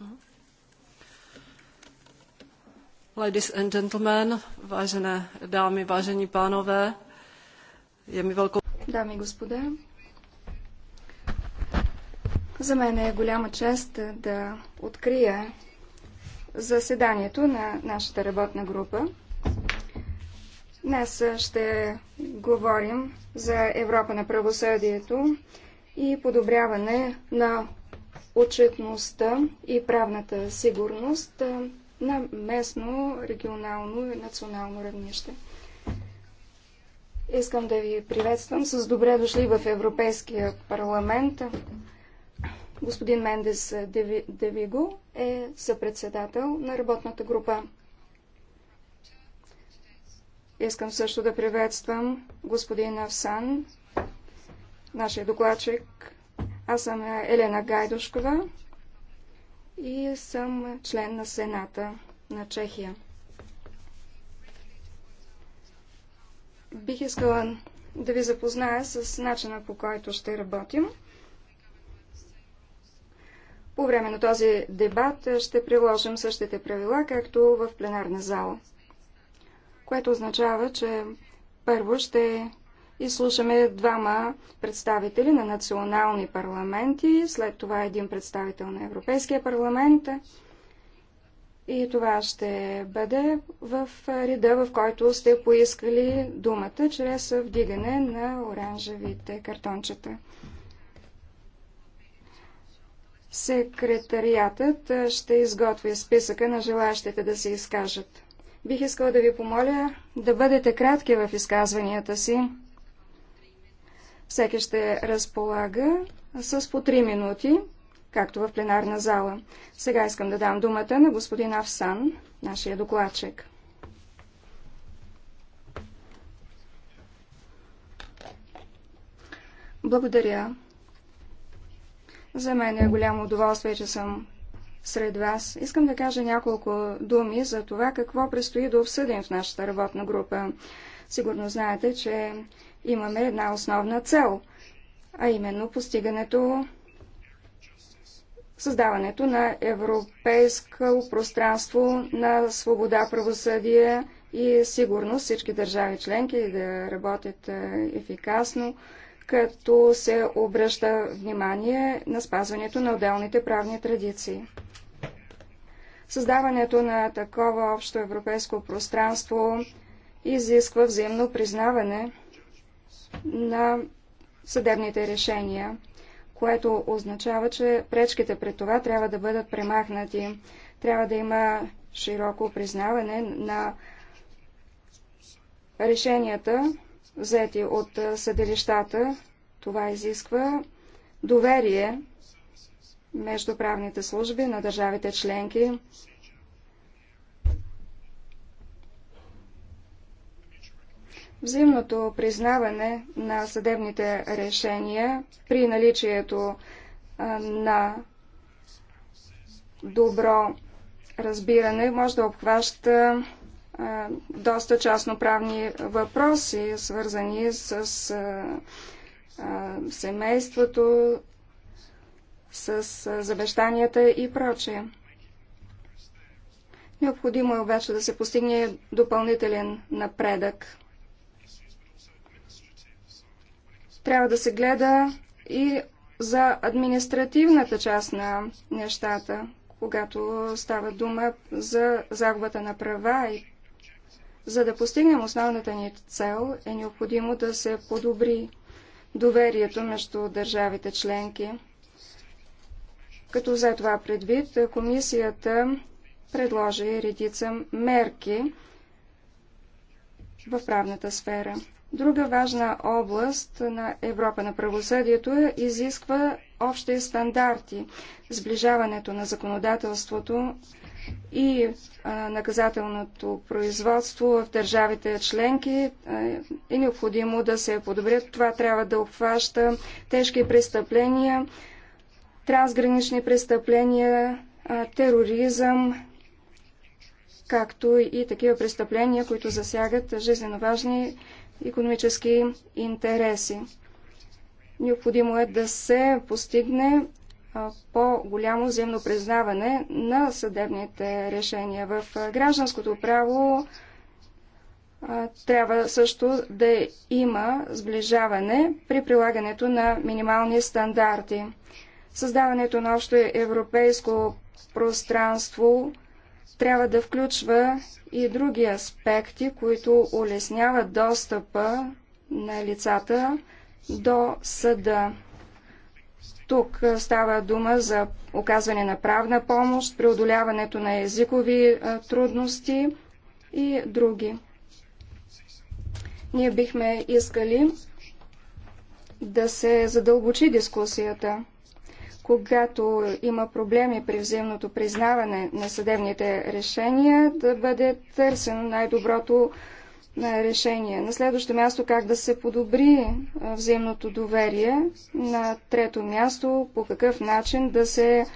Hm. Ladies and gentlemen, vážené dámy, vážení pánové, je mi velkou... Дами и господа, за мен е голяма чест да открия заседанието на нашата работна група. Днес ще говорим за Европа на правосъдието и подобряване на отчетността и правната сигурност на местно, регионално и национално равнище. Искам да ви приветствам с добре дошли в Европейския парламент. Господин Мендес Девиго е съпредседател на работната група. Искам също да приветствам господин Авсан, нашия докладчик аз съм Елена Гайдушкова и съм член на Сената на Чехия. Бих искала да ви запозная с начина по който ще работим. По време на този дебат ще приложим същите правила, както в пленарна зала, което означава, че първо ще и слушаме двама представители на национални парламенти, след това един представител на Европейския парламент. И това ще бъде в реда, в който сте поискали думата, чрез вдигане на оранжевите картончета. Секретариатът ще изготви списъка на желащите да се изкажат. Бих искала да ви помоля да бъдете кратки в изказванията си. Всеки ще разполага с по 3 минути, както в пленарна зала. Сега искам да дам думата на господин Авсан, нашия докладчик. Благодаря. За мен е голямо удоволствие, че съм сред вас. Искам да кажа няколко думи за това какво предстои да обсъдим в нашата работна група. Сигурно знаете, че имаме една основна цел, а именно постигането създаването на европейско пространство на свобода, правосъдие и сигурност. Всички държави членки да работят е, ефикасно, като се обръща внимание на спазването на отделните правни традиции. Създаването на такова общо европейско пространство изисква взаимно признаване – на съдебните решения, което означава, че пречките пред това трябва да бъдат премахнати. Трябва да има широко признаване на решенията, взети от съдилищата. Това изисква доверие между правните служби на държавите членки. Взаимното признаване на съдебните решения при наличието на добро разбиране може да обхваща доста частноправни въпроси, свързани с семейството, с завещанията и прочее. Необходимо е обаче да се постигне допълнителен напредък. Трябва да се гледа и за административната част на нещата, когато става дума за загубата на права и за да постигнем основната ни цел, е необходимо да се подобри доверието между държавите членки. Като взе това предвид, комисията предложи редица мерки в правната сфера. Друга важна област на Европа на правосъдието е, изисква общи стандарти, сближаването на законодателството и наказателното производство в държавите членки е необходимо да се подобрят. Това трябва да обхваща тежки престъпления, трансгранични престъпления, тероризъм, както и такива престъпления, които засягат жизненно важни економически интереси. Необходимо е да се постигне по-голямо взаимно признаване на съдебните решения. В гражданското право трябва също да има сближаване при прилагането на минимални стандарти. Създаването на общо европейско пространство трябва да включва и други аспекти, които улесняват достъпа на лицата до съда. Тук става дума за оказване на правна помощ, преодоляването на езикови трудности и други. Ние бихме искали да се задълбочи дискусията когато има проблеми при взаимното признаване на съдебните решения, да бъде търсено най-доброто решение. На следващо място как да се подобри взаимното доверие. На трето място по какъв начин да се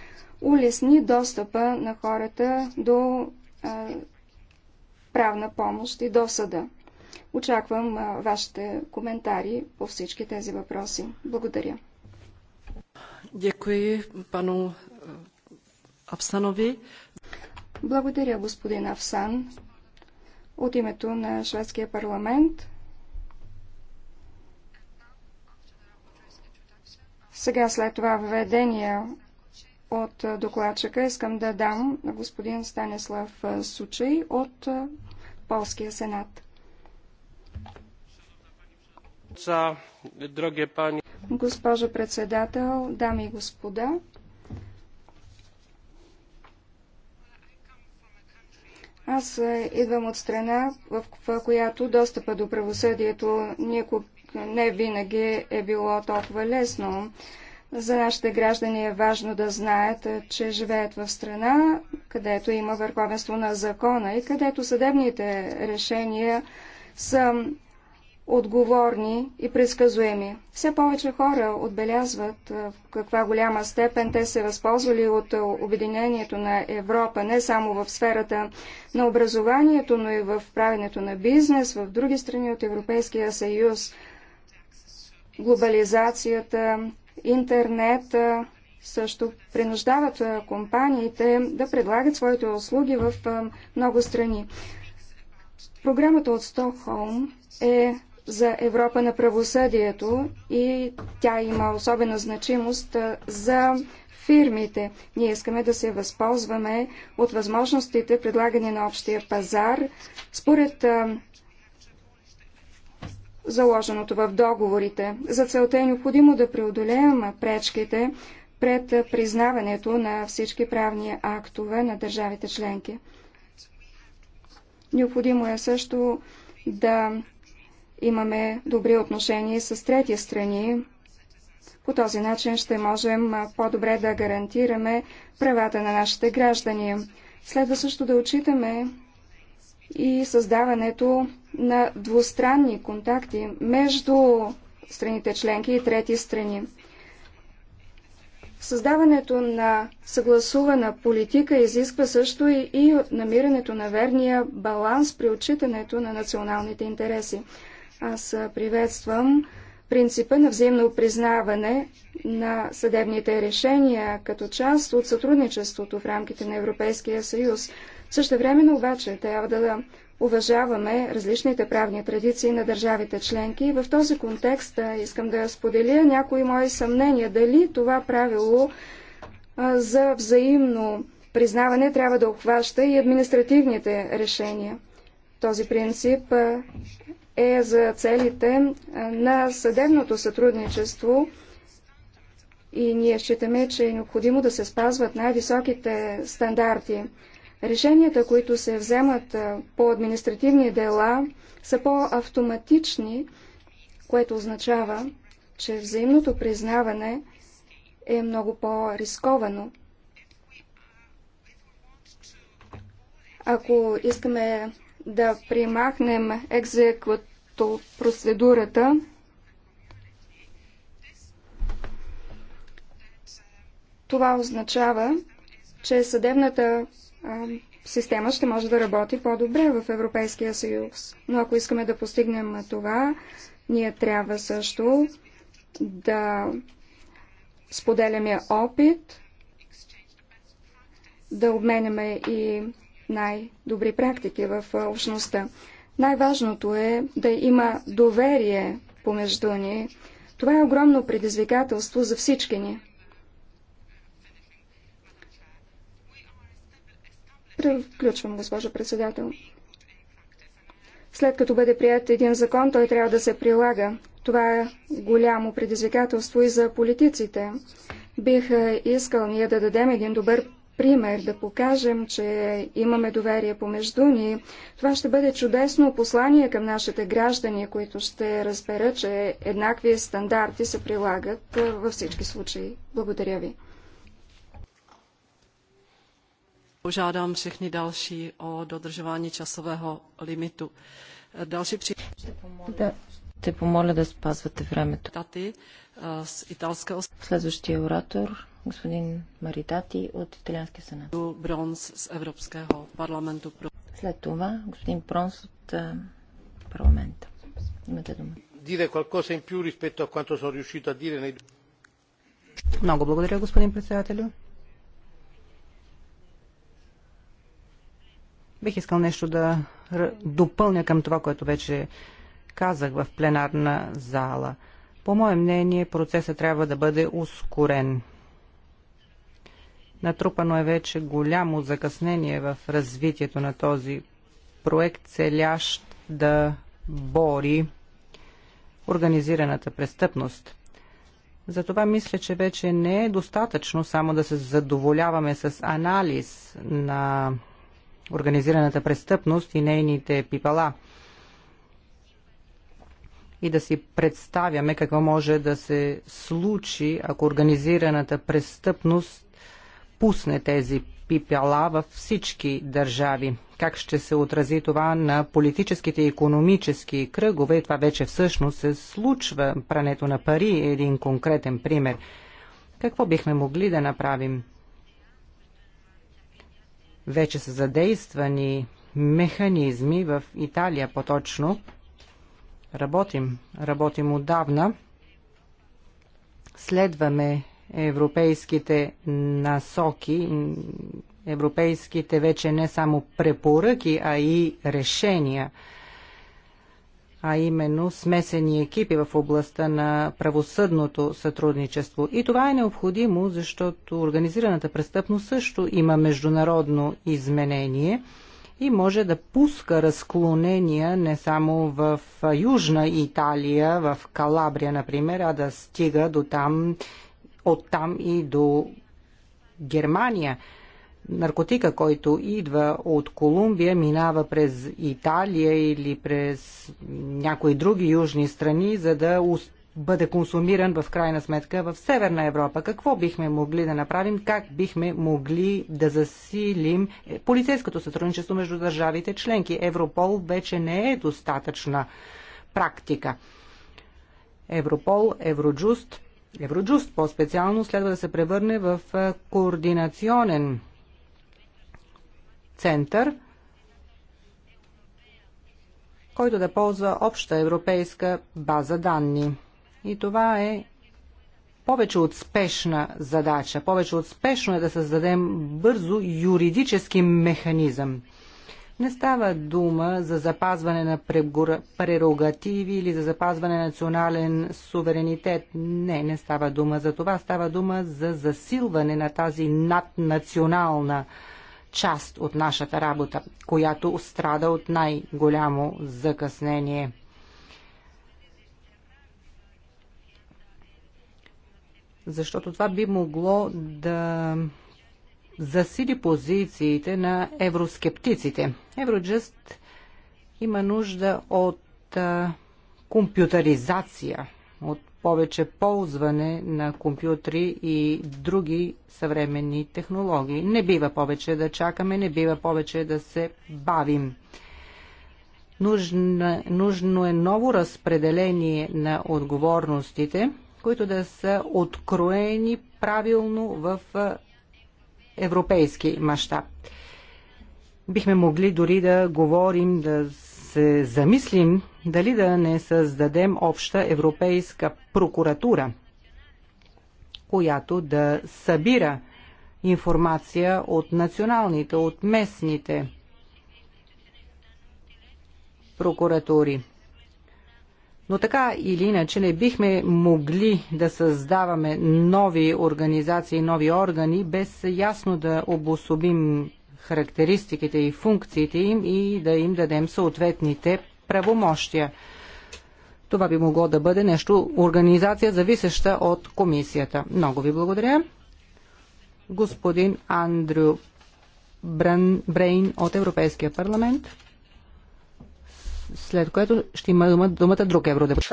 улесни достъпа на хората до правна помощ и до съда. Очаквам вашите коментари по всички тези въпроси. Благодаря. Děkuji panu eh, Благодаря, господин Авсан. От името на шведския парламент Сега след това введение от е, докладчика искам да дам на господин Станислав е, Сучай от е, Полския сенат. Драги пани, Госпожо председател, дами и господа, аз е, идвам от страна, в която достъпа до правосъдието не винаги е било толкова лесно. За нашите граждани е важно да знаят, е, че живеят в страна, където има върховенство на закона и където съдебните решения са отговорни и предсказуеми. Все повече хора отбелязват в каква голяма степен те се възползвали от обединението на Европа, не само в сферата на образованието, но и в правенето на бизнес в други страни от Европейския съюз. Глобализацията, интернет също принуждават компаниите да предлагат своите услуги в много страни. Програмата от Стокхолм е за Европа на правосъдието и тя има особена значимост за фирмите. Ние искаме да се възползваме от възможностите, предлагани на общия пазар, според заложеното в договорите. За целта е необходимо да преодолеем пречките пред признаването на всички правни актове на държавите членки. Необходимо е също да имаме добри отношения с трети страни. По този начин ще можем по-добре да гарантираме правата на нашите граждани. Следва също да отчитаме и създаването на двустранни контакти между страните членки и трети страни. Създаването на съгласувана политика изисква също и, и намирането на верния баланс при отчитането на националните интереси. Аз приветствам принципа на взаимно признаване на съдебните решения като част от сътрудничеството в рамките на Европейския съюз. Също времено обаче трябва да уважаваме различните правни традиции на държавите членки. В този контекст искам да споделя някои мои съмнения дали това правило за взаимно признаване трябва да обхваща и административните решения. Този принцип е за целите на съдебното сътрудничество и ние считаме, че е необходимо да се спазват най-високите стандарти. Решенията, които се вземат по административни дела, са по-автоматични, което означава, че взаимното признаване е много по-рисковано. Ако искаме да примахнем екзекуто процедурата, това означава, че съдебната система ще може да работи по-добре в Европейския съюз. Но ако искаме да постигнем това, ние трябва също да споделяме опит, да обменяме и най-добри практики в общността. Най-важното е да има доверие помежду ни. Това е огромно предизвикателство за всички ни. Приключвам, госпожо председател. След като бъде прият един закон, той трябва да се прилага. Това е голямо предизвикателство и за политиците. Бих искал ние да дадем един добър пример, да покажем, че имаме доверие помежду ни. Това ще бъде чудесно послание към нашите граждани, които ще разберат, че еднакви стандарти се прилагат във всички случаи. Благодаря ви. Požádám všechny další o dodržování časového limitu. Další při... Ще помоля да спазвате времето с италска... Следващия оратор, господин Маритати от Италианския сенат. Бронс с Европского парламенту. След това господин Бронс от парламента. Имате дума. Dire qualcosa in più rispetto a quanto sono riuscito a dire nei... Много благодаря, господин председателю. Бих искал нещо да допълня към това, което вече казах в пленарна зала – по мое мнение, процесът трябва да бъде ускорен. Натрупано е вече голямо закъснение в развитието на този проект, целящ да бори организираната престъпност. Затова мисля, че вече не е достатъчно само да се задоволяваме с анализ на организираната престъпност и нейните пипала – и да си представяме какво може да се случи, ако организираната престъпност пусне тези пипяла във всички държави. Как ще се отрази това на политическите и економически кръгове? това вече всъщност се случва. Прането на пари е един конкретен пример. Какво бихме могли да направим? Вече са задействани механизми в Италия по-точно – Работим. Работим отдавна. Следваме европейските насоки, европейските вече не само препоръки, а и решения а именно смесени екипи в областта на правосъдното сътрудничество. И това е необходимо, защото организираната престъпност също има международно изменение – и може да пуска разклонения не само в Южна Италия, в Калабрия, например, а да стига до там, от там и до Германия. Наркотика, който идва от Колумбия, минава през Италия или през някои други южни страни, за да бъде консумиран в крайна сметка в Северна Европа. Какво бихме могли да направим? Как бихме могли да засилим полицейското сътрудничество между държавите членки? Европол вече не е достатъчна практика. Европол, Евроджуст, Евроджуст по-специално следва да се превърне в координационен център, който да ползва обща европейска база данни. И това е повече от спешна задача. Повече от спешно е да създадем бързо юридически механизъм. Не става дума за запазване на прерогативи или за запазване на национален суверенитет. Не, не става дума за това. Става дума за засилване на тази наднационална част от нашата работа, която страда от най-голямо закъснение. защото това би могло да засили позициите на евроскептиците. Евроджъст има нужда от а, компютъризация, от повече ползване на компютри и други съвременни технологии. Не бива повече да чакаме, не бива повече да се бавим. Нужно, нужно е ново разпределение на отговорностите – които да са откроени правилно в европейски мащаб. Бихме могли дори да говорим, да се замислим дали да не създадем обща европейска прокуратура, която да събира информация от националните, от местните прокуратури. Но така или иначе не бихме могли да създаваме нови организации, нови органи, без ясно да обособим характеристиките и функциите им и да им дадем съответните правомощия. Това би могло да бъде нещо, организация зависеща от комисията. Много ви благодаря. Господин Андрю Брейн от Европейския парламент след което ще има дума, думата друг евродепутат.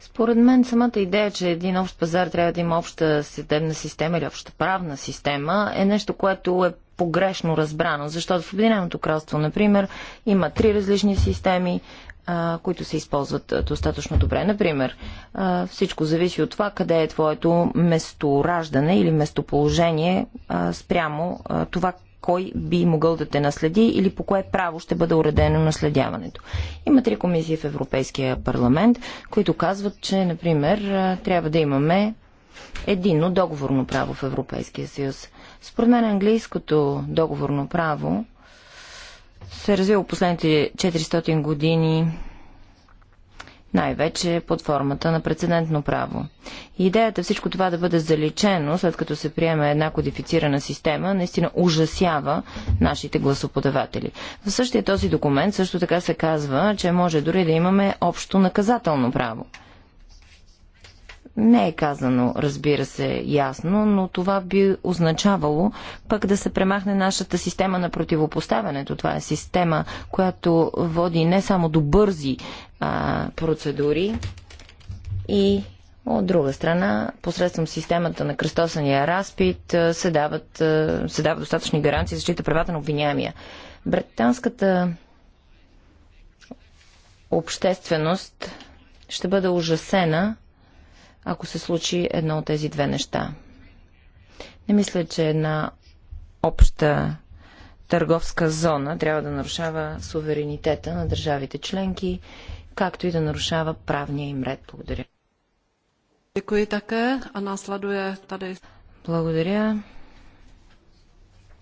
Според мен самата идея, че един общ пазар трябва да има обща съдебна система или обща правна система е нещо, което е погрешно разбрано, защото в Обединеното кралство, например, има три различни системи, които се използват достатъчно добре. Например, всичко зависи от това къде е твоето местораждане или местоположение спрямо това кой би могъл да те наследи или по кое право ще бъде уредено наследяването. Има три комисии в Европейския парламент, които казват, че, например, трябва да имаме единно договорно право в Европейския съюз. Според мен английското договорно право се е развил последните 400 години най-вече под формата на прецедентно право. И идеята е всичко това да бъде заличено, след като се приеме една кодифицирана система, наистина ужасява нашите гласоподаватели. В същия този документ също така се казва, че може дори да имаме общо наказателно право. Не е казано, разбира се, ясно, но това би означавало пък да се премахне нашата система на противопоставянето. Това е система, която води не само до бързи а, процедури и от друга страна, посредством системата на кръстосания разпит се, дават, се дават достатъчни гаранции за защита правата на обвиняемия. Британската общественост ще бъде ужасена ако се случи едно от тези две неща. Не мисля, че една обща търговска зона трябва да нарушава суверенитета на държавите членки, както и да нарушава правния им ред. Благодаря. Благодаря.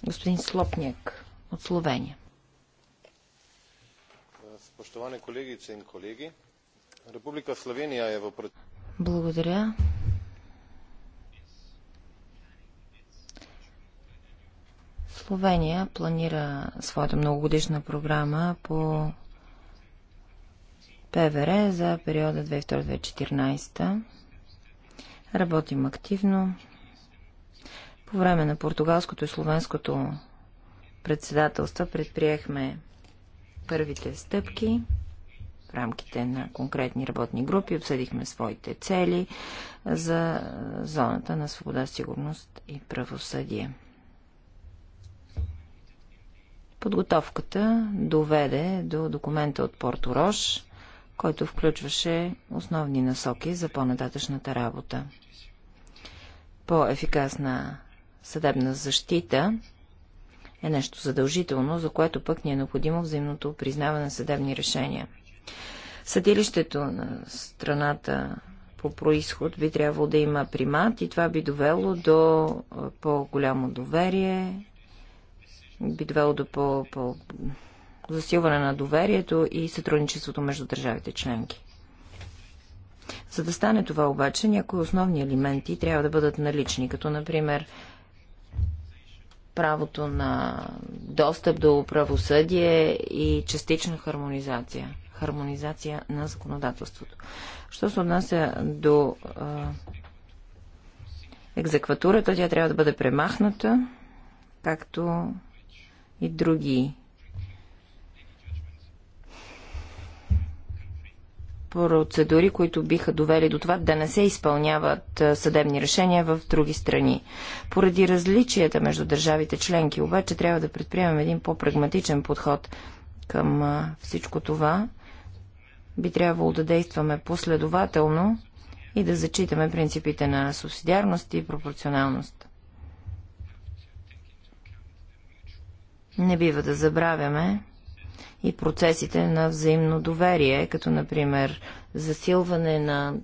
Господин Слопняк от Словения. Spoštovane kolegice in колеги, Република Словения е v благодаря. Словения планира своята многогодишна програма по ПВР за периода 2002-2014. Работим активно. По време на португалското и словенското председателство предприехме първите стъпки в рамките на конкретни работни групи, обсъдихме своите цели за зоната на свобода, сигурност и правосъдие. Подготовката доведе до документа от Порто Рош, който включваше основни насоки за по-нататъчната работа. По-ефикасна съдебна защита е нещо задължително, за което пък ни е необходимо взаимното признаване на съдебни решения. Съдилището на страната по происход би трябвало да има примат и това би довело до по-голямо доверие, би довело до по-, по засилване на доверието и сътрудничеството между държавите членки. За да стане това обаче, някои основни елементи трябва да бъдат налични, като например правото на достъп до правосъдие и частична хармонизация хармонизация на законодателството. Що се отнася до а, екзекватурата, тя трябва да бъде премахната, както и други процедури, които биха довели до това да не се изпълняват съдебни решения в други страни. Поради различията между държавите членки, обаче трябва да предприемем един по-прагматичен подход към всичко това би трябвало да действаме последователно и да зачитаме принципите на субсидиарност и пропорционалност. Не бива да забравяме и процесите на взаимно доверие, като например засилване на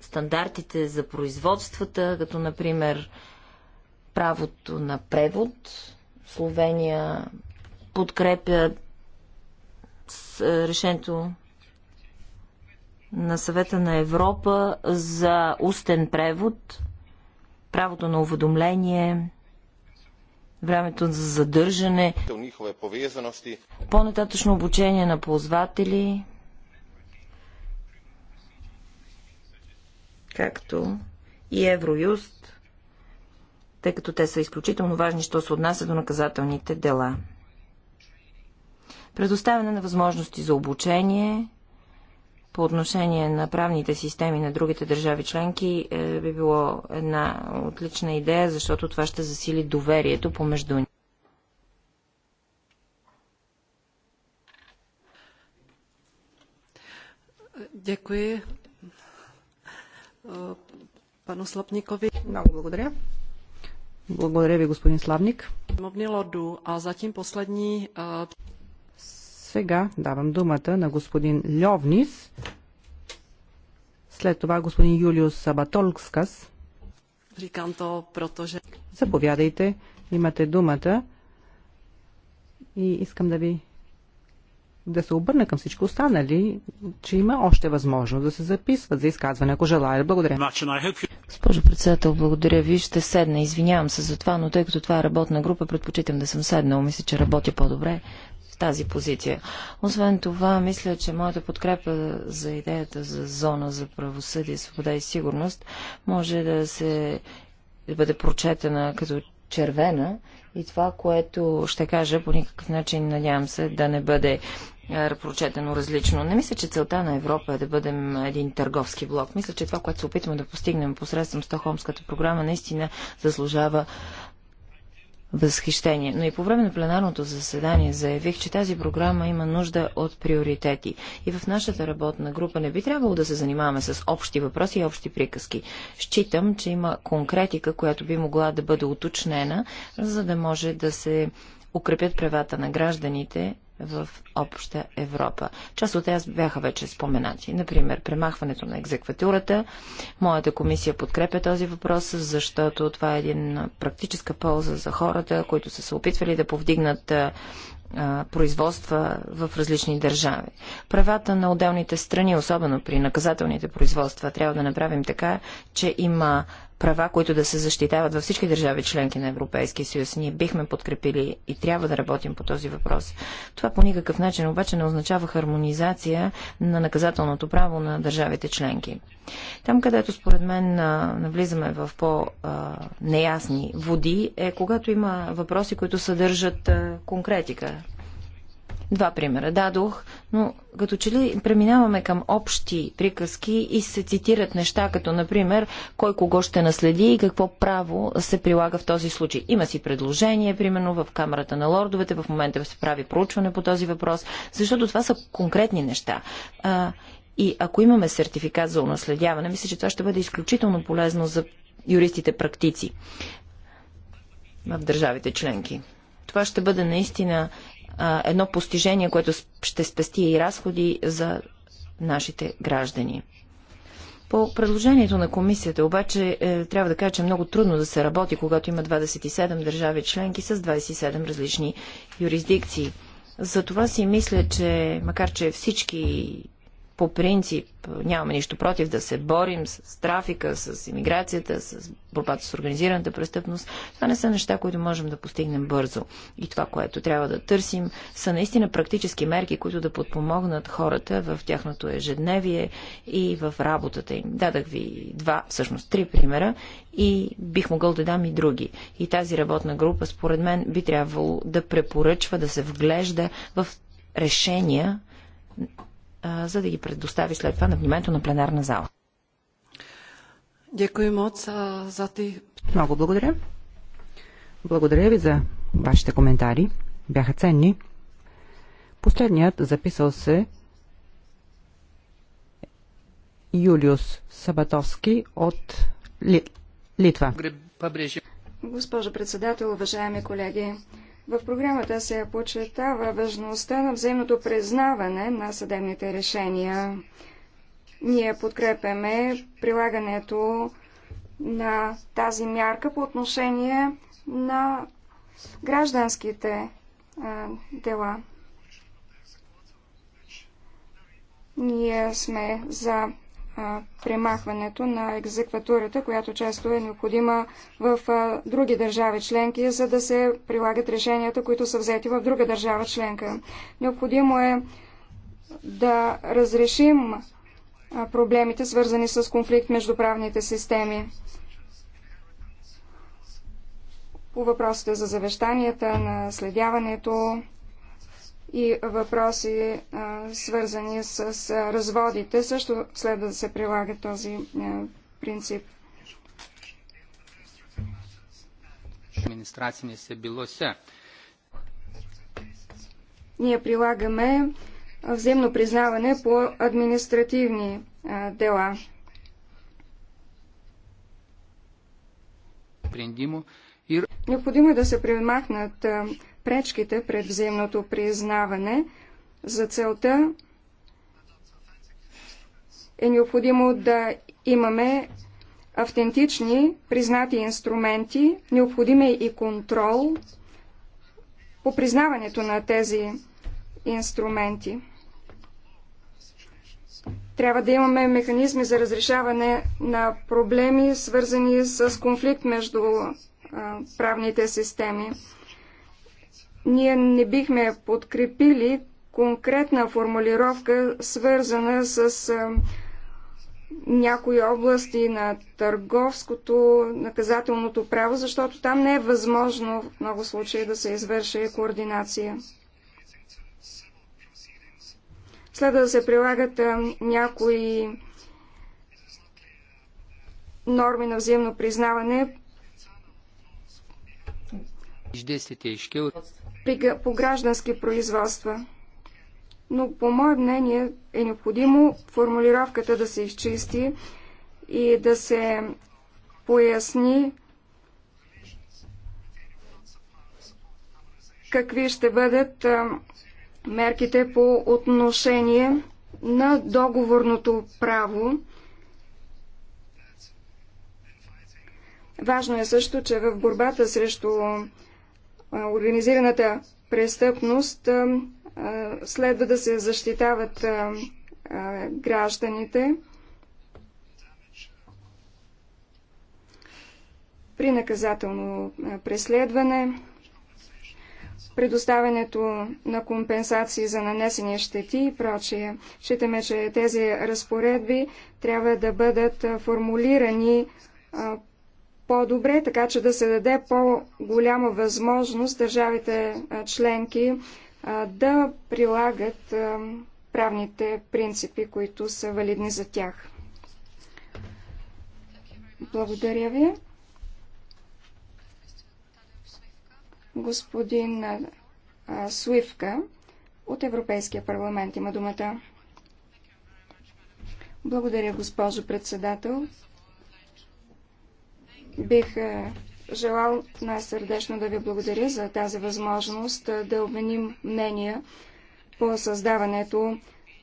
стандартите за производствата, като например правото на превод. Словения подкрепя е, решението на съвета на Европа за устен превод, правото на уведомление, времето за задържане, по-нататъчно обучение на ползватели, както и Евроюст, тъй като те са изключително важни, що се отнася до наказателните дела. Предоставяне на възможности за обучение, по отношение на правните системи на другите държави членки е, би било една отлична идея, защото това ще засили доверието помежду ни. Е, Много благодаря. Благодаря ви, господин Славник. Мобни лоду а затим последни... Сега давам думата на господин Льовнис, след това господин Юлиус Сабатолкскас. Риканто, протоже. Заповядайте, имате думата и искам да ви да се обърна към всичко, останали, че има още възможност да се записват за изказване, ако желаят. Благодаря. Госпожо председател, благодаря ви. Ще седна. Извинявам се за това, но тъй като това е работна група, предпочитам да съм седнал. Мисля, че работя по-добре тази позиция. Освен това, мисля, че моята подкрепа за идеята за зона за правосъдие, свобода и сигурност може да се да бъде прочетена като червена и това, което ще кажа по никакъв начин, надявам се, да не бъде прочетено различно. Не мисля, че целта на Европа е да бъдем един търговски блок. Мисля, че това, което се опитваме да постигнем посредством Стохомската програма, наистина заслужава възхищение. Но и по време на пленарното заседание заявих, че тази програма има нужда от приоритети. И в нашата работна група не би трябвало да се занимаваме с общи въпроси и общи приказки. Считам, че има конкретика, която би могла да бъде уточнена, за да може да се укрепят правата на гражданите в обща Европа. Част от тях бяха вече споменати. Например, премахването на екзекватурата. Моята комисия подкрепя този въпрос, защото това е един практическа полза за хората, които са се опитвали да повдигнат производства в различни държави. Правата на отделните страни, особено при наказателните производства, трябва да направим така, че има права, които да се защитават във всички държави членки на Европейския съюз. Ние бихме подкрепили и трябва да работим по този въпрос. Това по никакъв начин обаче не означава хармонизация на наказателното право на държавите членки. Там, където според мен навлизаме в по-неясни води, е когато има въпроси, които съдържат конкретика, Два примера дадох, но като че ли преминаваме към общи приказки и се цитират неща, като например кой кого ще наследи и какво право се прилага в този случай. Има си предложение, примерно в Камерата на лордовете, в момента се прави проучване по този въпрос, защото това са конкретни неща. А, и ако имаме сертификат за унаследяване, мисля, че това ще бъде изключително полезно за юристите практици в държавите членки. Това ще бъде наистина а, едно постижение, което ще спести и разходи за нашите граждани. По предложението на комисията обаче е, трябва да кажа, че е много трудно да се работи, когато има 27 държави членки с 27 различни юрисдикции. Затова си мисля, че макар че всички по принцип нямаме нищо против да се борим с трафика, с иммиграцията, с борбата с организираната престъпност. Това не са неща, които можем да постигнем бързо. И това, което трябва да търсим, са наистина практически мерки, които да подпомогнат хората в тяхното ежедневие и в работата им. Дадах ви два, всъщност три примера и бих могъл да дам и други. И тази работна група, според мен, би трябвало да препоръчва да се вглежда в решения за да ги предостави след това на вниманието на пленарна зала. Дякую моц за ти. Много благодаря. Благодаря ви за вашите коментари. Бяха ценни. Последният записал се Юлиус Сабатовски от Ли... Литва. Госпожо председател, уважаеми колеги, в програмата се почетава важността на взаимното признаване на съдебните решения. Ние подкрепяме прилагането на тази мярка по отношение на гражданските а, дела. Ние сме за премахването на екзекватурата, която често е необходима в други държави членки, за да се прилагат решенията, които са взети в друга държава членка. Необходимо е да разрешим проблемите, свързани с конфликт между правните системи. По въпросите за завещанията, наследяването, и въпроси, свързани с разводите, също следва да се прилага този принцип. Ние прилагаме взаимно признаване по административни дела. Необходимо е да се премахнат пречките пред взаимното признаване. За целта е необходимо да имаме автентични, признати инструменти, необходим е и контрол по признаването на тези инструменти. Трябва да имаме механизми за разрешаване на проблеми, свързани с конфликт между правните системи. Ние не бихме подкрепили конкретна формулировка, свързана с някои области на търговското, наказателното право, защото там не е възможно в много случаи да се извърши координация. Следва да се прилагат някои норми на взаимно признаване по граждански производства. Но по мое мнение е необходимо формулировката да се изчисти и да се поясни какви ще бъдат мерките по отношение на договорното право. Важно е също, че в борбата срещу организираната престъпност следва да се защитават гражданите. При наказателно преследване, предоставянето на компенсации за нанесени щети и прочие. Считаме, че тези разпоредби трябва да бъдат формулирани по-добре, така че да се даде по-голяма възможност държавите членки да прилагат правните принципи, които са валидни за тях. Благодаря ви. Господин Суивка от Европейския парламент има думата. Благодаря, госпожо председател. Бих е, желал най-сърдечно да ви благодаря за тази възможност е, да обменим мнения по създаването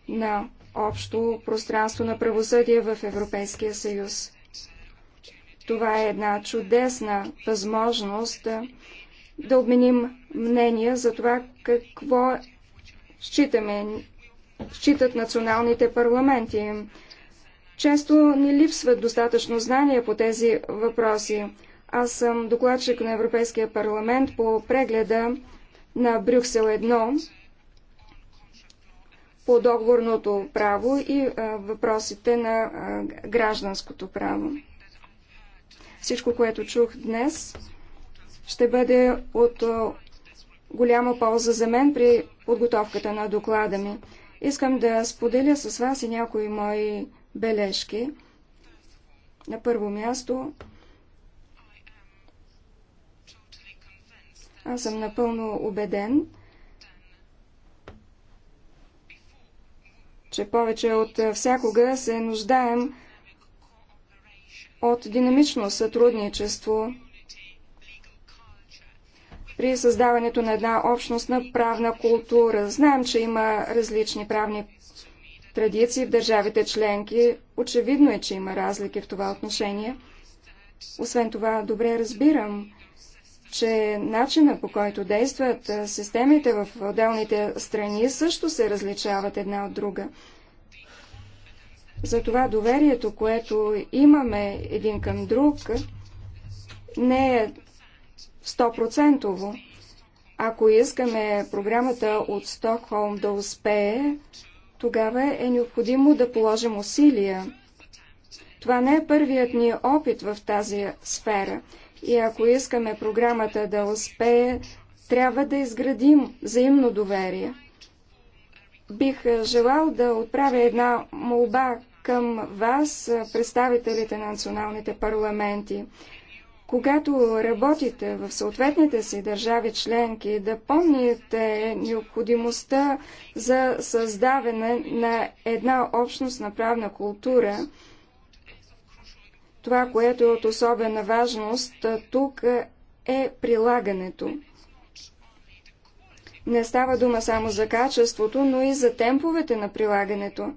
на общо пространство на правосъдие в Европейския съюз. Това е една чудесна възможност е, да обменим мнения за това какво считаме, считат националните парламенти. Често ни липсват достатъчно знания по тези въпроси. Аз съм докладчик на Европейския парламент по прегледа на Брюксел 1 по договорното право и а, въпросите на а, гражданското право. Всичко, което чух днес, ще бъде от а, голяма полза за мен при подготовката на доклада ми. Искам да споделя с вас и някои мои бележки. На първо място, аз съм напълно убеден, че повече от всякога се нуждаем от динамично сътрудничество при създаването на една общностна правна култура. Знаем, че има различни правни традиции в държавите членки. Очевидно е, че има разлики в това отношение. Освен това, добре разбирам, че начина по който действат системите в отделните страни също се различават една от друга. Затова доверието, което имаме един към друг, не е 100%. Ако искаме програмата от Стокхолм да успее, тогава е необходимо да положим усилия. Това не е първият ни опит в тази сфера. И ако искаме програмата да успее, трябва да изградим взаимно доверие. Бих е, желал да отправя една молба към вас, е, представителите на националните парламенти когато работите в съответните си държави членки, да помните необходимостта за създаване на една общност на правна култура. Това, което е от особена важност тук е прилагането. Не става дума само за качеството, но и за темповете на прилагането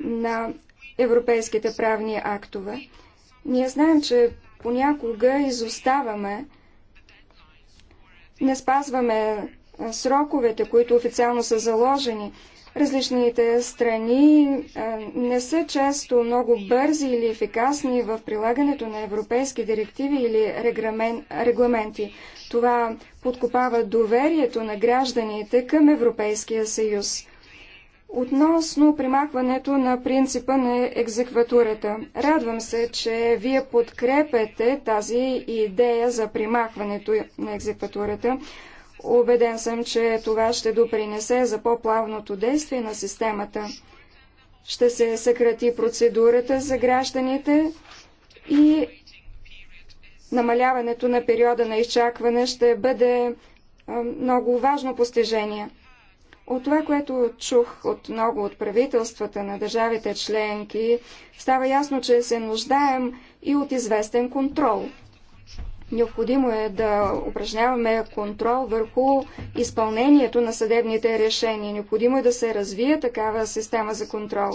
на европейските правни актове. Ние знаем, че понякога изоставаме, не спазваме сроковете, които официално са заложени. Различните страни не са често много бързи или ефикасни в прилагането на европейски директиви или регламенти. Това подкопава доверието на гражданите към Европейския съюз. Относно примахването на принципа на екзекватурата. Радвам се, че вие подкрепете тази идея за примахването на екзекватурата. Обеден съм, че това ще допринесе за по-плавното действие на системата. Ще се съкрати процедурата за гражданите и намаляването на периода на изчакване ще бъде много важно постижение. От това, което чух от много от правителствата на държавите членки, става ясно, че се нуждаем и от известен контрол. Необходимо е да упражняваме контрол върху изпълнението на съдебните решения. Необходимо е да се развие такава система за контрол.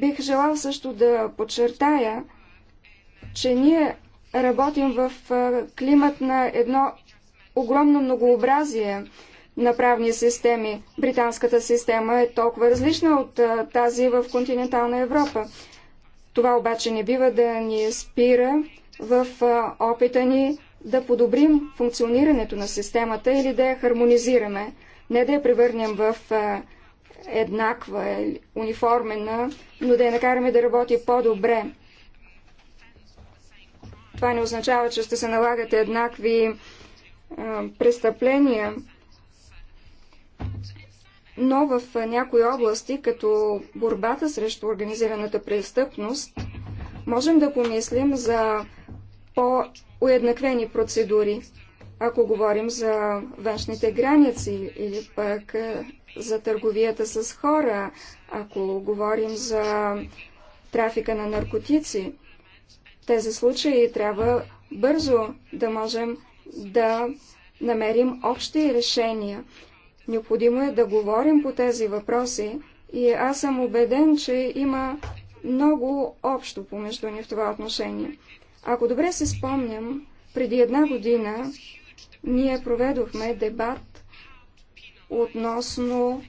Бих желал също да подчертая, че ние работим в климат на едно огромно многообразие на правни системи. Британската система е толкова различна от тази в континентална Европа. Това обаче не бива да ни спира в опита ни да подобрим функционирането на системата или да я хармонизираме, не да я превърнем в еднаква, е, униформена, но да я накараме да работи по-добре. Това не означава, че ще се налагат еднакви престъпления но в някои области, като борбата срещу организираната престъпност, можем да помислим за по-уеднаквени процедури, ако говорим за външните граници или пък за търговията с хора, ако говорим за трафика на наркотици. Тези случаи трябва бързо да можем да намерим общи решения Необходимо е да говорим по тези въпроси и аз съм убеден, че има много общо помежду ни в това отношение. Ако добре се спомням, преди една година ние проведохме дебат относно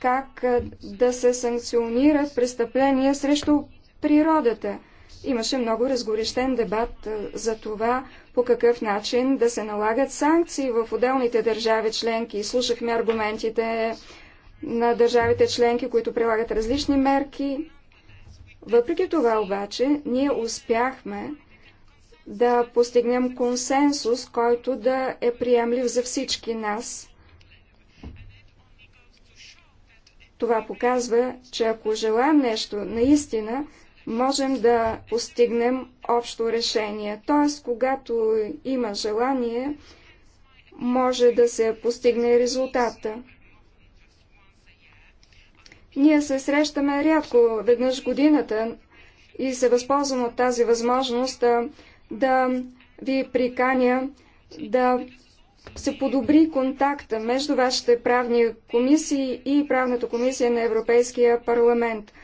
как да се санкционират престъпления срещу природата. Имаше много разгорещен дебат за това по какъв начин да се налагат санкции в отделните държави членки. Слушахме аргументите на държавите членки, които прилагат различни мерки. Въпреки това обаче, ние успяхме да постигнем консенсус, който да е приемлив за всички нас. Това показва, че ако желаем нещо наистина, можем да постигнем общо решение. Т.е. когато има желание, може да се постигне резултата. Ние се срещаме рядко веднъж годината и се възползвам от тази възможност да, да ви приканя да се подобри контакта между вашите правни комисии и правната комисия на Европейския парламент –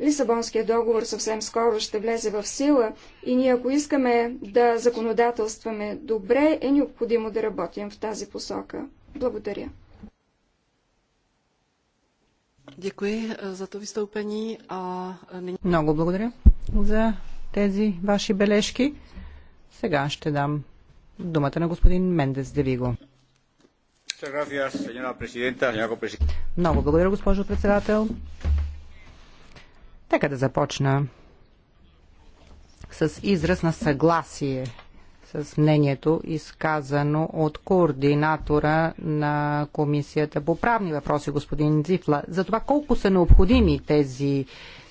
Лисабонския договор съвсем скоро ще влезе в сила и ние, ако искаме да законодателстваме добре, е необходимо да работим в тази посока. Благодаря. Děkuji za to vystoupení a nyní... Много благодаря за тези ваши бележки. Сега ще дам думата на господин Мендес Девиго. Много благодаря, госпожо председател. Нека да започна с израз на съгласие с мнението, изказано от координатора на Комисията по правни въпроси, господин Зифла, за това колко са необходими тези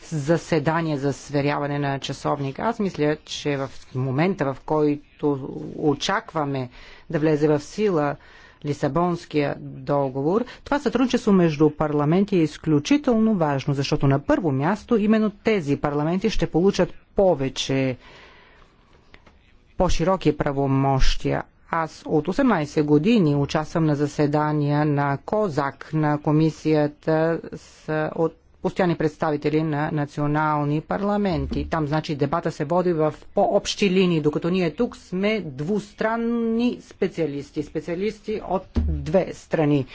заседания за сверяване на часовника. Аз мисля, че в момента, в който очакваме да влезе в сила Лисабонския договор, това сътрудничество между парламенти е изключително важно, защото на първо място именно тези парламенти ще получат повече по-широки правомощия. Аз от 18 години участвам на заседания на Козак на комисията с, от постоянни представители на национални парламенти. Там, значи, дебата се води в по-общи линии, докато ние тук сме двустранни специалисти, специалисти от две страни.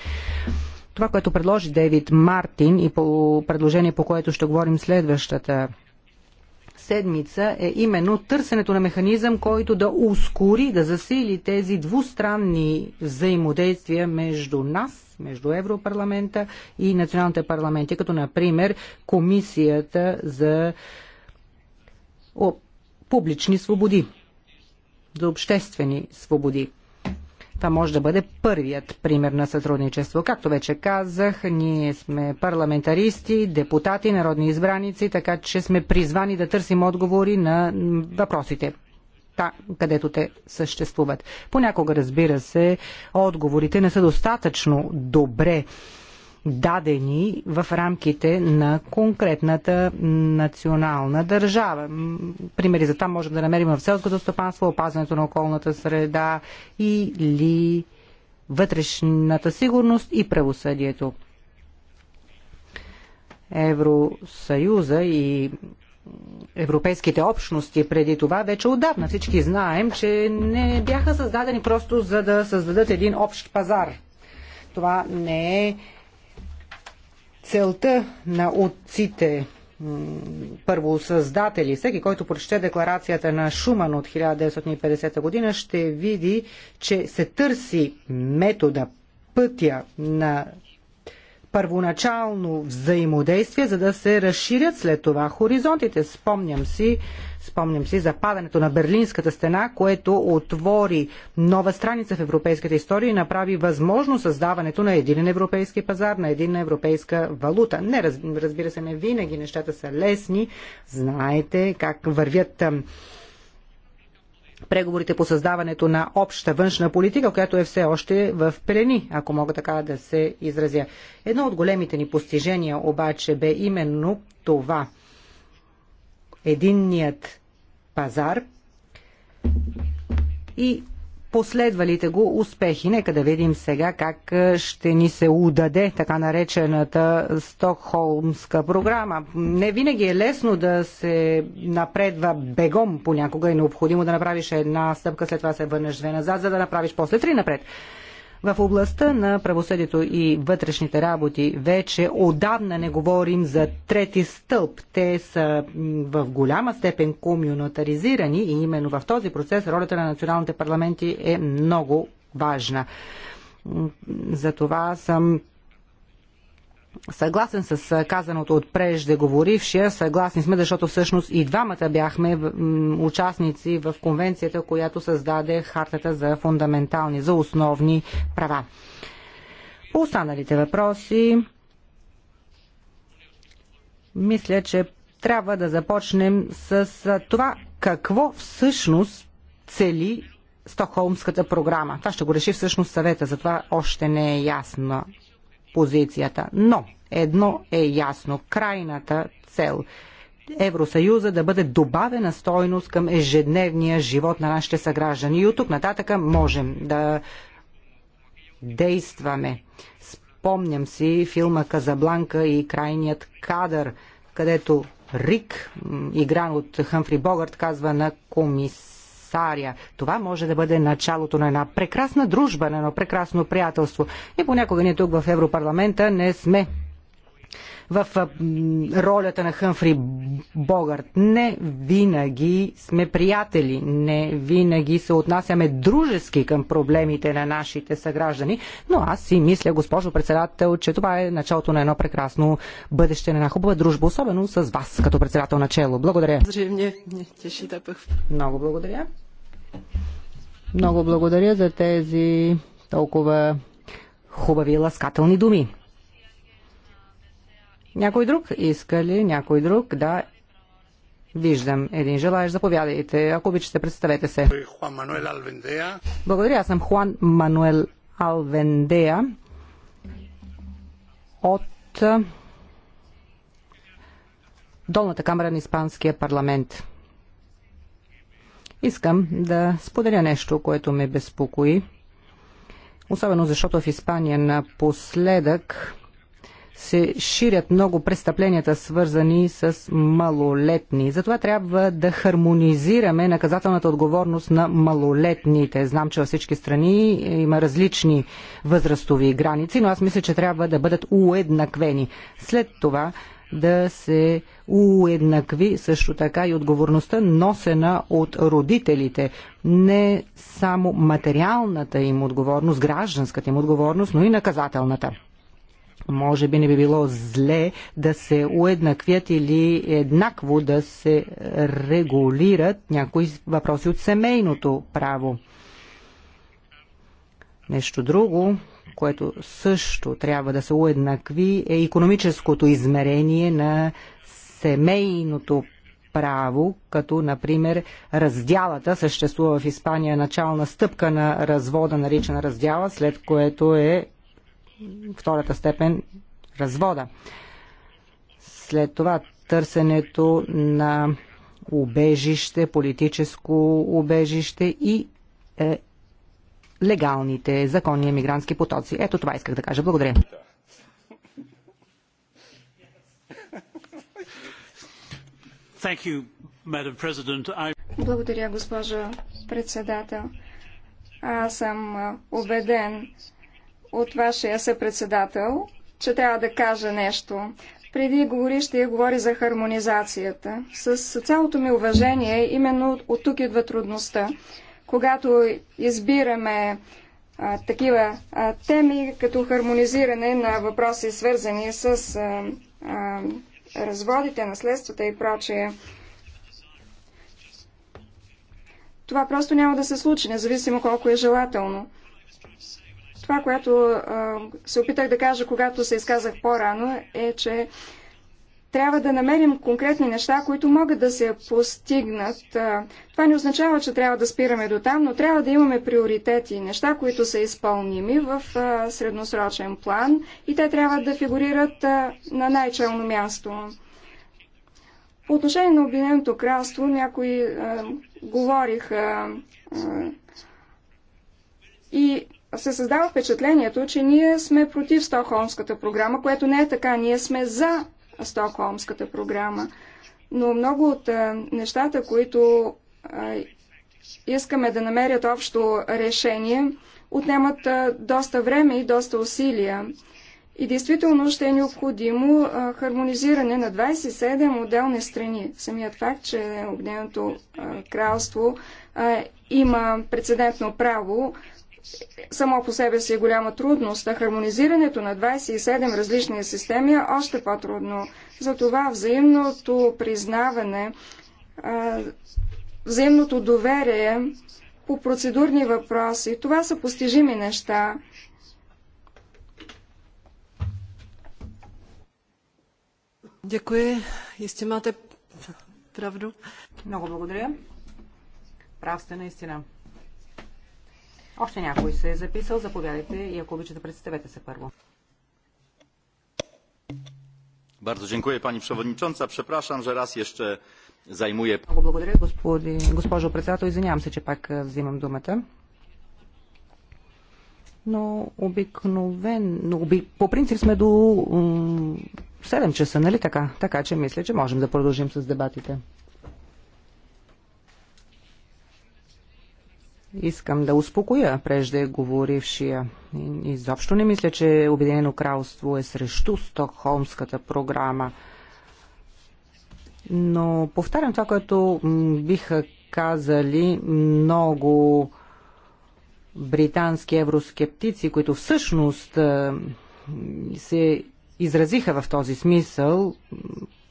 Това, което предложи Дейвид Мартин и по предложение, по което ще говорим следващата седмица, е именно търсенето на механизъм, който да ускори, да засили тези двустранни взаимодействия между нас между Европарламента и националните парламенти, като например Комисията за О, публични свободи, за обществени свободи. Това може да бъде първият пример на сътрудничество. Както вече казах, ние сме парламентаристи, депутати, народни избраници, така че сме призвани да търсим отговори на въпросите та, където те съществуват. Понякога, разбира се, отговорите не са достатъчно добре дадени в рамките на конкретната национална държава. Примери за това можем да намерим в селското стопанство, опазването на околната среда или вътрешната сигурност и правосъдието. Евросъюза и европейските общности преди това, вече отдавна всички знаем, че не бяха създадени просто за да създадат един общ пазар. Това не е целта на отците първосъздатели. Всеки, който прочете декларацията на Шуман от 1950 година, ще види, че се търси метода, пътя на първоначално взаимодействие, за да се разширят след това хоризонтите. Спомням си, спомням си за падането на Берлинската стена, което отвори нова страница в европейската история и направи възможно създаването на един европейски пазар, на един европейска валута. Не, разбира се, не винаги нещата са лесни. Знаете как вървят преговорите по създаването на обща външна политика, която е все още в пелени, ако мога така да се изразя. Едно от големите ни постижения обаче бе именно това. Единният пазар и последвалите го успехи. Нека да видим сега как е, ще ни се удаде така наречената Стокхолмска програма. Не винаги е лесно да се напредва бегом. Понякога е необходимо да направиш една стъпка, след това се върнеш две назад, за да направиш после три напред. В областта на правосъдието и вътрешните работи вече отдавна не говорим за трети стълб. Те са в голяма степен комюнатаризирани и именно в този процес ролята на националните парламенти е много важна. За това съм Съгласен с казаното от преждеговорившия, съгласни сме, защото всъщност и двамата бяхме участници в конвенцията, която създаде хартата за фундаментални, за основни права. По останалите въпроси, мисля, че трябва да започнем с това какво всъщност цели Стокхолмската програма. Това ще го реши всъщност съвета, затова още не е ясна позицията. Но едно е ясно. Крайната цел Евросъюза да бъде добавена стойност към ежедневния живот на нашите съграждани. И от тук нататъка можем да действаме. Спомням си филма Казабланка и крайният кадър, където Рик, игран от Хъмфри Богарт, казва на комисия комисаря. Това може да бъде началото на една прекрасна дружба, на едно прекрасно приятелство. И понякога ние тук в Европарламента не сме в ролята на Хъмфри Богарт. Не винаги сме приятели, не винаги се отнасяме дружески към проблемите на нашите съграждани, но аз си мисля, госпожо председател, че това е началото на едно прекрасно бъдеще, на една хубава дружба, особено с вас като председател на чело. Благодаря. Много благодаря. Много благодаря за тези толкова хубави ласкателни думи. Някой друг иска ли? Някой друг? Да. Виждам един желаеш. Заповядайте. Ако обичате, представете се. Благодаря. Аз съм Хуан Мануел Алвендея от Долната камера на Испанския парламент. Искам да споделя нещо, което ме безпокои, особено защото в Испания напоследък се ширят много престъпленията, свързани с малолетни. Затова трябва да хармонизираме наказателната отговорност на малолетните. Знам, че във всички страни има различни възрастови граници, но аз мисля, че трябва да бъдат уеднаквени. След това да се уеднакви също така и отговорността носена от родителите. Не само материалната им отговорност, гражданската им отговорност, но и наказателната може би не би било зле да се уеднаквят или еднакво да се регулират някои въпроси от семейното право. Нещо друго, което също трябва да се уеднакви, е економическото измерение на семейното право, като, например, раздялата съществува в Испания начална стъпка на развода, наричана раздяла, след което е втората степен развода. След това търсенето на убежище, политическо убежище и е, легалните, законни емигрантски потоци. Ето това исках да кажа. Благодаря. Благодаря, госпожо председател. Аз съм убеден от вашия съпредседател, че трябва да кажа нещо. Преди говори, ще я говори за хармонизацията. С цялото ми уважение, именно от тук идва трудността когато избираме а, такива а, теми, като хармонизиране на въпроси, свързани с а, а, разводите, наследствата и прочее. Това просто няма да се случи, независимо колко е желателно. Това, което а, се опитах да кажа, когато се изказах по-рано, е, че а, трябва да намерим конкретни неща, които могат да се постигнат. Това не означава, че трябва да спираме до там, но трябва да имаме приоритети, неща, които са изпълними в средносрочен план и те трябва да фигурират на най-челно място. По отношение на Обединеното кралство, някои а, говориха е, и се създава впечатлението, че ние сме против Стокхолмската програма, което не е така. Ние сме за Стокхолмската програма. Но много от нещата, които искаме да намерят общо решение, отнемат доста време и доста усилия. И действително ще е необходимо хармонизиране на 27 отделни страни. Самият факт, че Огненото кралство има прецедентно право, само по себе си е голяма трудност, а хармонизирането на 27 различни системи е още по-трудно. Затова взаимното признаване, взаимното доверие по процедурни въпроси, това са постижими неща. Дякую, истимате правду. Много благодаря. Прав сте наистина. Още някой се е записал. Заповядайте и ако обичате, представете се първо. Bardzo dziękuję pani przewodnicząca. Przepraszam, że raz jeszcze zajmuję. Много благодаря, господи, госпожо председател. Извинявам се, че пак взимам думата. Но обикновено, по принцип сме до 7 часа, нали така? Така че мисля, че можем да продължим с дебатите. Искам да успокоя преждеговорившия. Изобщо не мисля, че Обединено кралство е срещу Стокхолмската програма. Но повтарям това, което биха казали много британски евроскептици, които всъщност е, се изразиха в този смисъл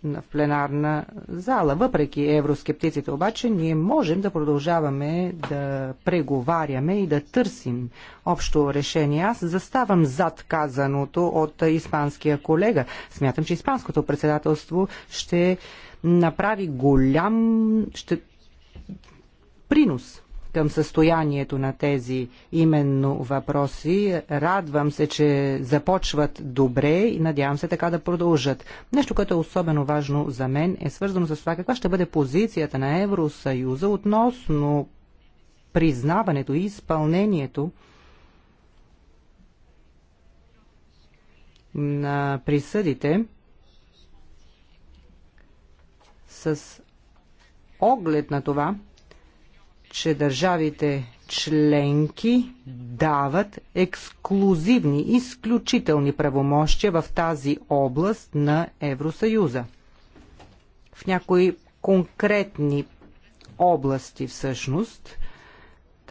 в пленарна зала. Въпреки евроскептиците обаче, ние можем да продължаваме да преговаряме и да търсим общо решение. Аз заставам зад казаното от испанския колега. Смятам, че испанското председателство ще направи голям ще... принос към състоянието на тези именно въпроси. Радвам се, че започват добре и надявам се така да продължат. Нещо, което е особено важно за мен е свързано с това каква ще бъде позицията на Евросъюза относно признаването и изпълнението на присъдите с оглед на това, че държавите членки дават ексклюзивни, изключителни правомощия в тази област на Евросъюза. В някои конкретни области всъщност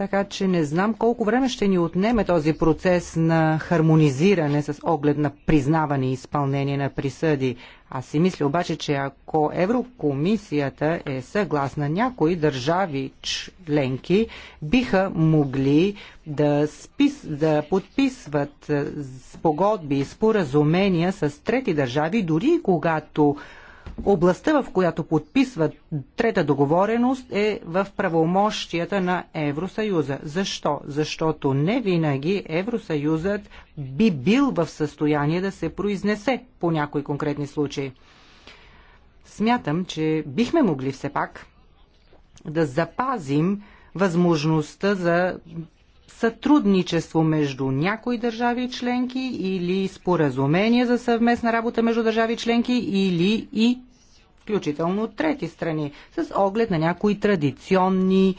така че не знам колко време ще ни отнеме този процес на хармонизиране с оглед на признаване и изпълнение на присъди. Аз си мисля обаче, че ако Еврокомисията е съгласна, някои държави членки биха могли да, спис, да подписват спогодби и споразумения с трети държави, дори когато областта, в която подписват трета договореност е в правомощията на Евросъюза. Защо? Защото не винаги Евросъюзът би бил в състояние да се произнесе по някои конкретни случаи. Смятам, че бихме могли все пак да запазим възможността за сътрудничество между някои държави членки или споразумение за съвместна работа между държави членки или и включително от трети страни, с оглед на някои традиционни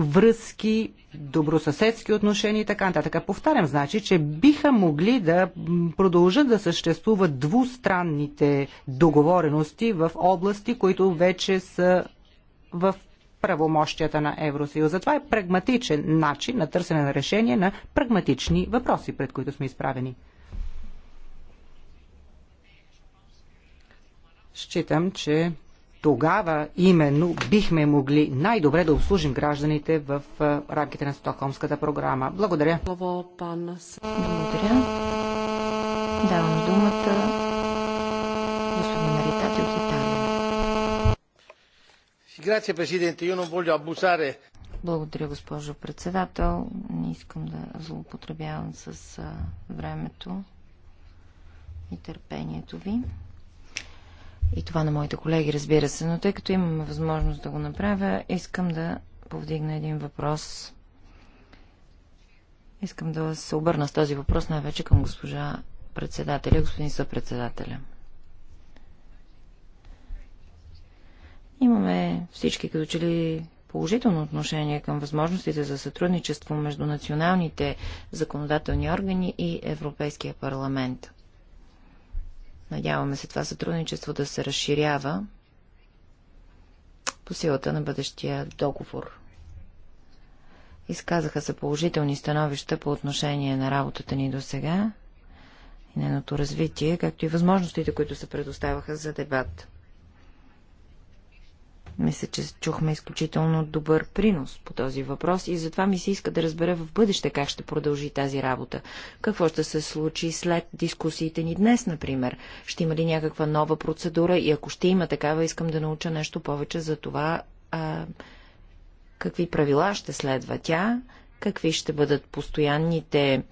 връзки, добросъседски отношения и така нататък. Повтарям, значи, че биха могли да продължат да съществуват двустранните договорености в области, които вече са в правомощията на Евросъюза. Това е прагматичен начин на търсене на решение на прагматични въпроси, пред които сме изправени. Считам, че тогава именно бихме могли най-добре да обслужим гражданите в рамките на Стокхолмската програма. Благодаря. Благодаря. Давам думата господин Маритати от Италия. Благодаря, госпожо председател. Не искам да злоупотребявам с времето и търпението ви. И това на моите колеги, разбира се. Но тъй като имаме възможност да го направя, искам да повдигна един въпрос. Искам да се обърна с този въпрос най-вече към госпожа председателя, господин съпредседателя. председателя Имаме всички като че ли положително отношение към възможностите за сътрудничество между националните законодателни органи и Европейския парламент. Надяваме се това сътрудничество да се разширява по силата на бъдещия договор. Изказаха се положителни становища по отношение на работата ни до сега и нейното развитие, както и възможностите, които се предоставяха за дебат. Мисля, че чухме изключително добър принос по този въпрос и затова ми се иска да разбера в бъдеще как ще продължи тази работа. Какво ще се случи след дискусиите ни днес, например? Ще има ли някаква нова процедура и ако ще има такава, искам да науча нещо повече за това а, какви правила ще следва тя, какви ще бъдат постоянните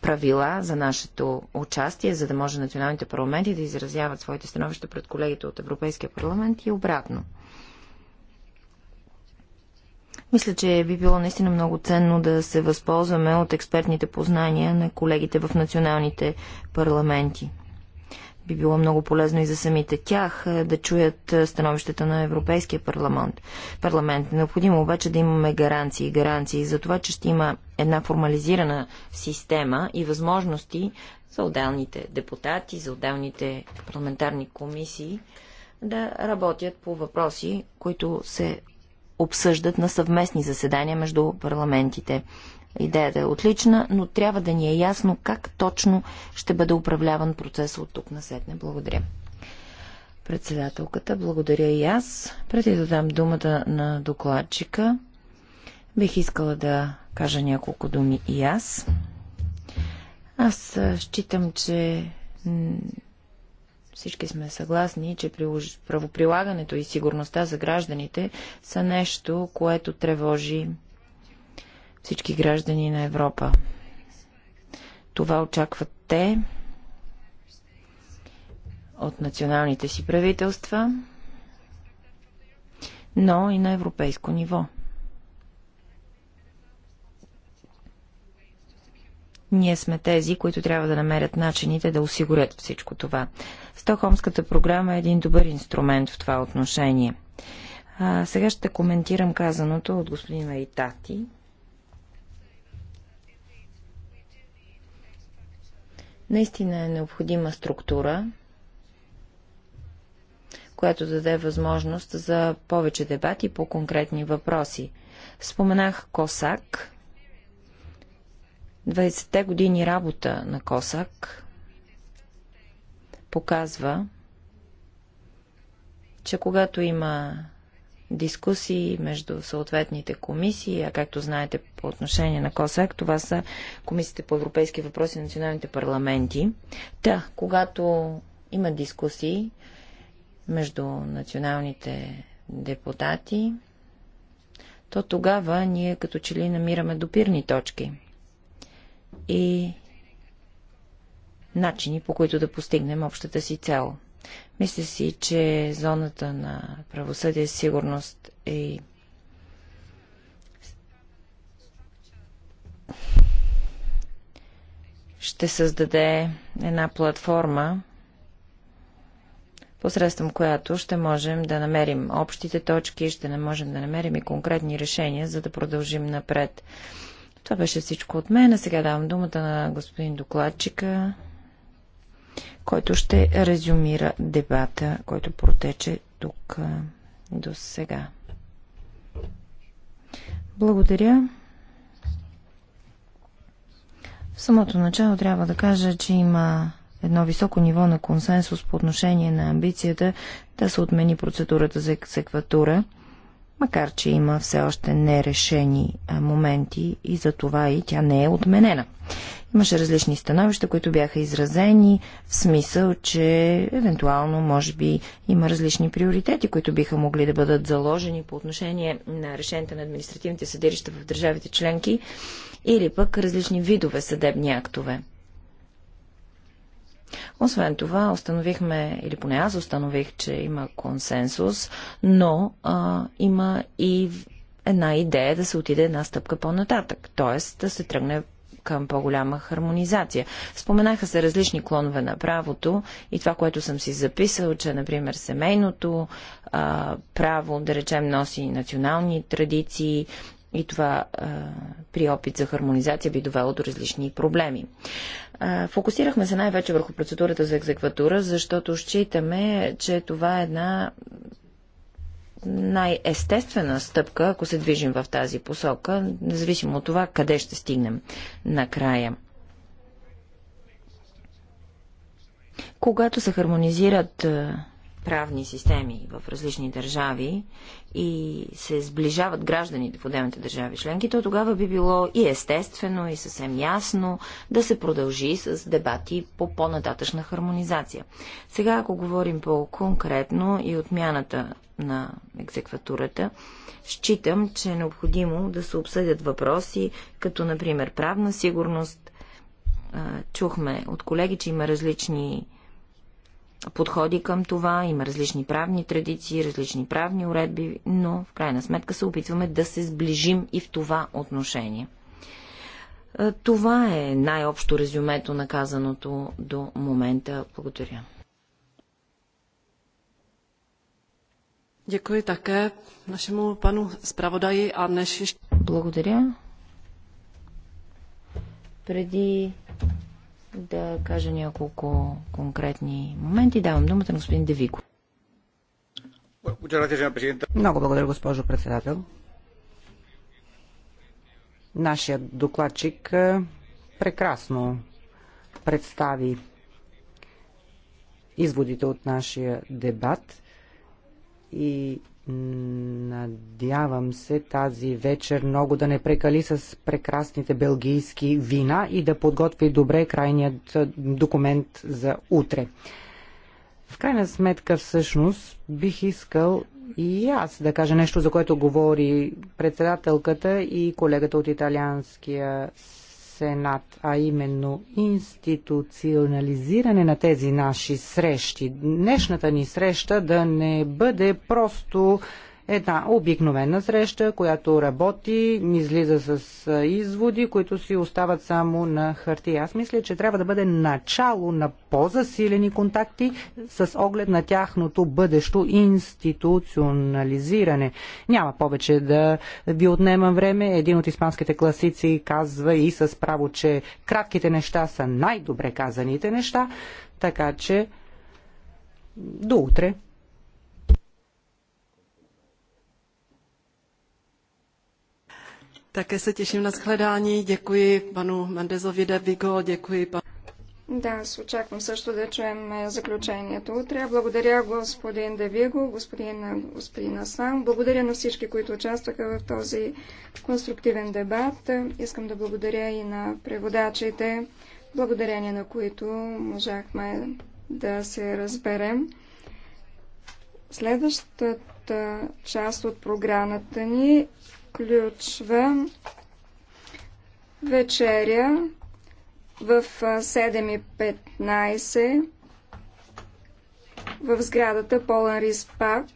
правила за нашето участие, за да може националните парламенти да изразяват своите становища пред колегите от Европейския парламент и обратно. Мисля, че би било наистина много ценно да се възползваме от експертните познания на колегите в националните парламенти. Би било много полезно и за самите тях е, да чуят е, становищата на Европейския парламент. парламент. Необходимо обаче да имаме гаранции. Гаранции за това, че ще има една формализирана система и възможности за отделните депутати, за отделните парламентарни комисии да работят по въпроси, които се обсъждат на съвместни заседания между парламентите. Идеята е отлична, но трябва да ни е ясно как точно ще бъде управляван процесът от тук на сетне. Благодаря. Председателката, благодаря и аз. Преди да дам думата на докладчика, бих искала да кажа няколко думи и аз. Аз считам, че всички сме съгласни, че правоприлагането и сигурността за гражданите са нещо, което тревожи всички граждани на Европа. Това очакват те от националните си правителства, но и на европейско ниво – Ние сме тези, които трябва да намерят начините да осигурят всичко това. Стокхолмската програма е един добър инструмент в това отношение. А, сега ще коментирам казаното от господин Айтати. Наистина е необходима структура, която даде възможност за повече дебати по конкретни въпроси. Споменах Косак, 20-те години работа на Косак показва, че когато има дискусии между съответните комисии, а както знаете по отношение на КОСАК, това са комисиите по европейски въпроси на националните парламенти. Та, да, когато има дискусии между националните депутати, то тогава ние като че ли намираме допирни точки – и начини, по които да постигнем общата си цел. Мисля си, че зоната на правосъдие, сигурност и ще създаде една платформа, посредством която ще можем да намерим общите точки, ще не можем да намерим и конкретни решения, за да продължим напред. Това беше всичко от мен. сега давам думата на господин докладчика, който ще резюмира дебата, който протече тук до сега. Благодаря. В самото начало трябва да кажа, че има едно високо ниво на консенсус по отношение на амбицията да се отмени процедурата за екзекватура – макар че има все още нерешени моменти и за това и тя не е отменена. Имаше различни становища, които бяха изразени в смисъл, че евентуално, може би, има различни приоритети, които биха могли да бъдат заложени по отношение на решенията на административните съдилища в държавите членки или пък различни видове съдебни актове. Освен това, установихме, или поне аз установих, че има консенсус, но а, има и една идея да се отиде една стъпка по-нататък, т.е. да се тръгне към по-голяма хармонизация. Споменаха се различни клонове на правото и това, което съм си записал, че, например, семейното а, право, да речем, носи национални традиции, и това а, при опит за хармонизация би довело до различни проблеми. А, фокусирахме се най-вече върху процедурата за екзекватура, защото считаме, че това е една най-естествена стъпка, ако се движим в тази посока, независимо от това къде ще стигнем накрая. Когато се хармонизират правни системи в различни държави и се сближават гражданите в отделните държави членки, то тогава би било и естествено, и съвсем ясно да се продължи с дебати по по-нататъчна хармонизация. Сега, ако говорим по-конкретно и отмяната на екзекватурата, считам, че е необходимо да се обсъдят въпроси, като например правна сигурност. Чухме от колеги, че има различни подходи към това. Има различни правни традиции, различни правни уредби, но в крайна сметка се опитваме да се сближим и в това отношение. Е, това е най-общо резюмето на казаното до момента. Благодаря. Děkuji také našemu panu zpravodaji a než ještě... Благодаря. Преди да кажа няколко конкретни моменти. Давам думата на господин Девико. Много благодаря, госпожо председател. Нашият докладчик е, прекрасно представи изводите от нашия дебат и Надявам се тази вечер много да не прекали с прекрасните белгийски вина и да подготви добре крайният документ за утре. В крайна сметка, всъщност, бих искал и аз да кажа нещо, за което говори председателката и колегата от Италианския Сенат, а именно институционализиране на тези наши срещи. Днешната ни среща да не бъде просто една обикновена среща, която работи, излиза с изводи, които си остават само на хартия. Аз мисля, че трябва да бъде начало на по-засилени контакти с оглед на тяхното бъдещо институционализиране. Няма повече да ви отнемам време. Един от испанските класици казва и с право, че кратките неща са най-добре казаните неща, така че до утре. Také se těším na shledání. Děkuji panu Mendezovi de Vigo, děkuji panu... Да, с очаквам също да чуем заключението утре. Благодаря господин Девиго, господин, господин Аслан. Благодаря на всички, които участваха в този конструктивен дебат. Искам да благодаря и на преводачите, благодарение на които можахме да се разберем. Следващата част от програмата ни включва вечеря в 7.15 в сградата Полен Риспак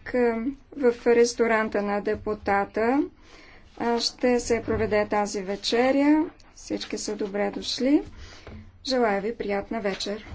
в ресторанта на депутата. Ще се проведе тази вечеря. Всички са добре дошли. Желая ви приятна вечер!